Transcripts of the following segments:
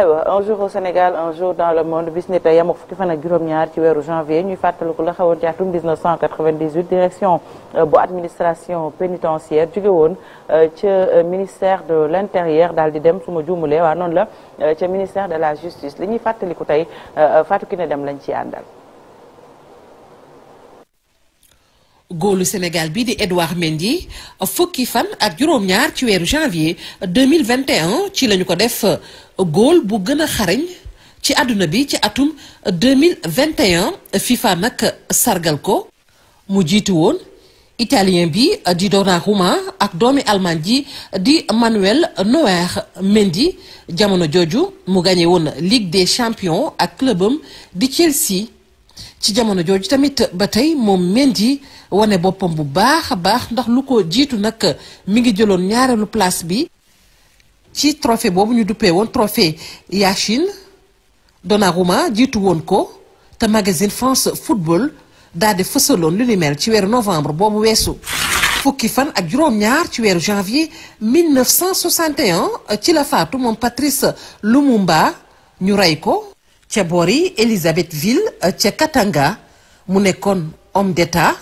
aywa un jour au Sénégal un jour dans le monde bis ni tey yam ak fukki fan ak juróom-ñaar ci weeru janvier ñuy fàttaliku la xewoon ci atum 1998 direction euh, bu administration pénitentiaire jóge woon euh, ca euh, ministère de l' intérieur daal di dem suma ma waa noon la ca ministère de la justice li ñuy fàttaliku tey Fatou Kiné Deme lañ ci àndal. góolu Sénégal bi di Edouard Mendy fukki fan ak juróom-ñaar ci weeru janvier 2021 ci lañu ko def góol bu gën a xarañ ci àdduna bi ci atum 2021 FIFA nag sargal ko mu jiitu woon italien bi di Donnarumma ak doomi almaañ ji di Manuel Neuer Mendy jamono jooju mu gagné woon Ligue des champions ak clubam di Chelsea ci jamono jooju tamit ba tey moom Mendy wane boppam bu baax a baax ndax lu ko jiitu nag mi ngi jëloon ñaareelu place bi ci trophée boobu ñu duppee woon trophée Yachine Donnarumma jiitu woon ko te magazine France Football daal di fësaloon lu ni ci weeru novembre boobu weesu. fukki fan ak juróom-ñaar ci weeru janvier 1961 ci la faatu moom Patrice Lumumba ñu rey ko. ca boori Elisabethville euh, ca Katanga mu nekkoon homme d'état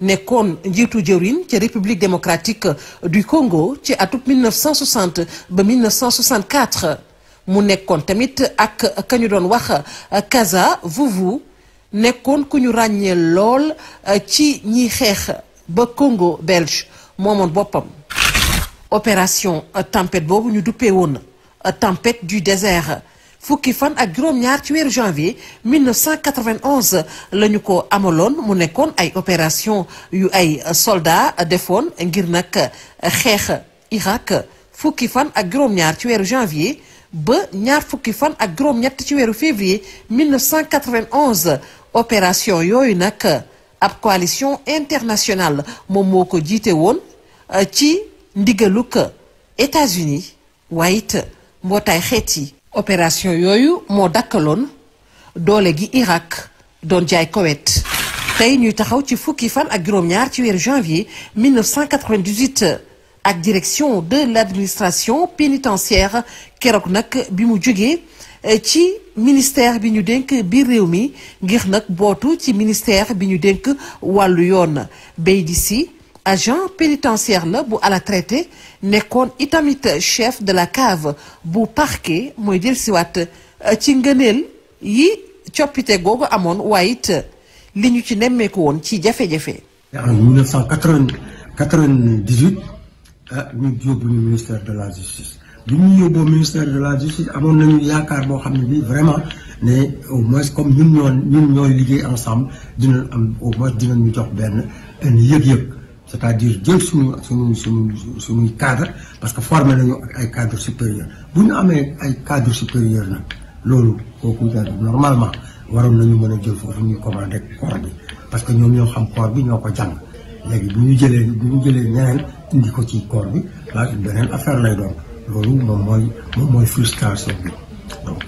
nekkoon njiitu jëwriñ ca république démocratique euh, du Congo ci atum 1960 ba 1964 mu nekkoon tamit ak ka ñu doon wax Kaza euh, Vuvu nekkoon ku ñu ràññee lool ci ñi xeex ba Congo belge moomoon boppam. opération tempête boobu ñu duppee woon tempête du désert. fukki fan ak juróom-ñaar ci weeru janvier 1991 la ñu ko amaloon mu nekkoon ay opération yu ay soldat defoon ngir nag xeex Irak fukki fan ak juróom-ñaar ci weeru janvier ba ñaar fukki fan ak juróom-ñett ci weeru février 1991 opération yooyu nag ab coalition internationale moom moo ko jiite woon euh, ci ndigaluk États-Unis waaye mbootaay xeet yi opération yooyu moo dakkaloon doole gi Irak doon jaay Koweït tey ñuy taxaw ci fukki fan ak juróom-ñaar ci weeru janvier 1998 ak direction de l'administration pénitentiaire keroog nag bi mu jógee eh, ci ministère bi ñu denk biir réew mi ngir nag bootu ci ministère bi ñu dénk wàllu yoon Beydi si agent pénitentiaire la bu à traité nekkoon itamit chef de la cave bu parquet mooy jël siwaat euh, ci ngëneel yi coppite googu amoon waaye it li ñu ci nemmeeku woon ci jafe-jafe. en 1998 ah euh, ñu yóbbu ñu ministère de la justice bi ñu yóbboo ministère de la justice amoon nañu yaakaar boo xam ne bii vraiment ne au moins comme ñun ñoo ñun ñooy liggéey ensemble dinañ am au moins dinañu jox benn benn yëg-yëg. c'est-à-dire jël suñu suñu suñu suñu cadre parce que formé nañu ak ay cadre supérieur bu ñu amee ay cadre supérieur nag loolu kooku normalement waroon nañu mën a jël foofu ñu commandé corps bi parce que ñoom ñoo xam corps bi ñoo ko jàng léegi bu ñu jëlee bu jëlee ñeneen indi ko ci corps bi la beneen affaire lay doon loolu moom mooy moom mooy frustration bi donc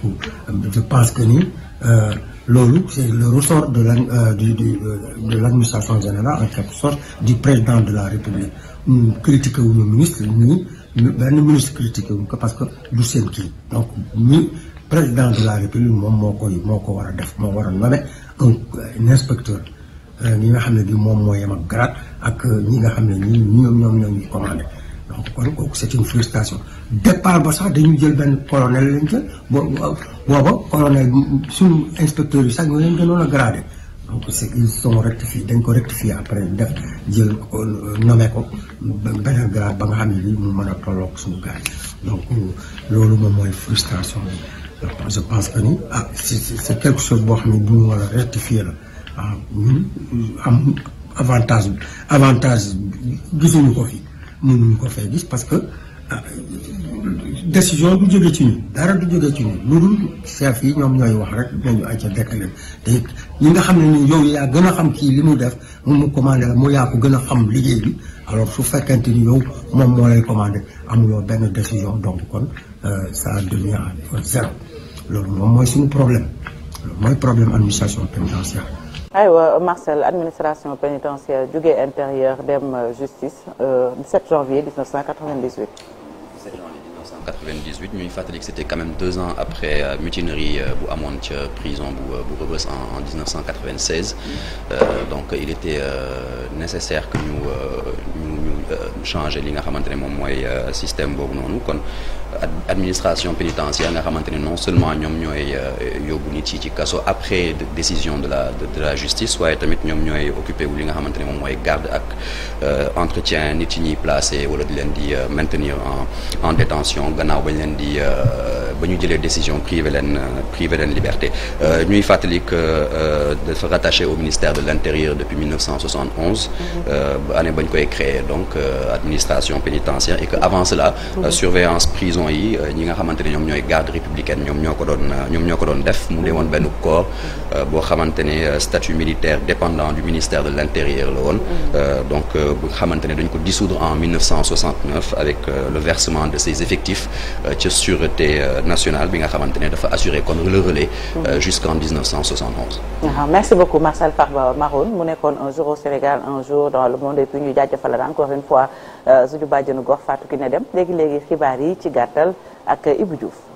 euh, je pense que ni euh, loolu c'est le ressort de la euh, du du euh, de l'administration générale en quelque sorte du de la république ñun critiqué wuñu ministre ñu benn ministre critiqué wuñu ko parce que du seen kii donc ñu président de la république moom moo koy moo ko war a def moo war a nommer un inspecteur euh, ñi nga xam ne bi moom mooy yem ak grade ak ñi nga xam ne ñu ñoom ñoom ñoo ñu commandé donc kon kooku c'est une frustration départ ba sax dañu jël benn colonel lañ jël bo booba colonel suñu inspecteur yi sax ñoo leen gënoon a gradé donc c'est ils sont rectifiés dañ ko rectifié après def jël nommé ko beneen grade ba nga xam ne bi mu mën a tolloog suñu gars yi donc loolu moom mooy frustration bi pense que ni ah c'est quelque chose boo xam ne bu ñu war a rectifier la ah ñun am avantage avantage gisuñu ko fii mënuñu ko fay gis parce que euh, décision du jóge ci ñu dara du jóge ci ñu lu dul chef yi ñoom ñooy wax rek nañu acca dekk leen te ñi nga xam ne ni yow yaa gën a xam kii li mu def moom mu commandé la mu yaa ko gën a xam liggéey bi alors su fekkente ni yow moom moo lay amuloo benn décision donc kon euh, ça devient zéro loolu moom mooy suñu problème mooy problème administration pénitentiaire aywa Marcel administration pénitentiaire jóge intérieur dem euh, justice 17 euh, janvier 1998. 17 janvier 1998 ñuy fàttali que c'était quand même deux ans après euh, mutinerie bu amoon ca prison bu bu Rebeuss en 1996 donc il était nécessaire que ñu li nga xamante ne moom mooy système boobu noonu administration pénitentiaire nga xamante ne non seulement ñoom ñooy euh, yóbbu nit yi ci kaso après décision de la de la justice waaye tamit ñoom ñooy occupé wu li nga xamante ne moom mooy garde ak euh, entretien nit yi ñuy placé wala di leen di euh, maintenir en en détention gannaaw ba ñu leen di ba ñu jëlee décision privé leen privé leen liberté ñuy fàttali que dafa rattaché au ministère de l'intérieur depuis 1971 année ba ñu koy créé donc administration pénitentiaire et que avant cela mhm. surveillance prison yi euh, ñi nga xamante ñoom ñooy garde républicaine ñoom ñoo ko doon euh, def mu newoon benn corps euh, boo xamante statut militaire dépendant du ministère de l'intérieur la woon mm. donc bu nga xamante ne dissoudre en avec le versement de ses effectifs ca sûreté nationale bi nga xamante dafa assurer kon le relais mm. jusqu'en merci beaucoup Marcel Farba Maroun mu nekkoon un jour au Sénégal un jour dans le monde et puis ñu jaajëfal encore une fois gàttal ak Ibou Diouf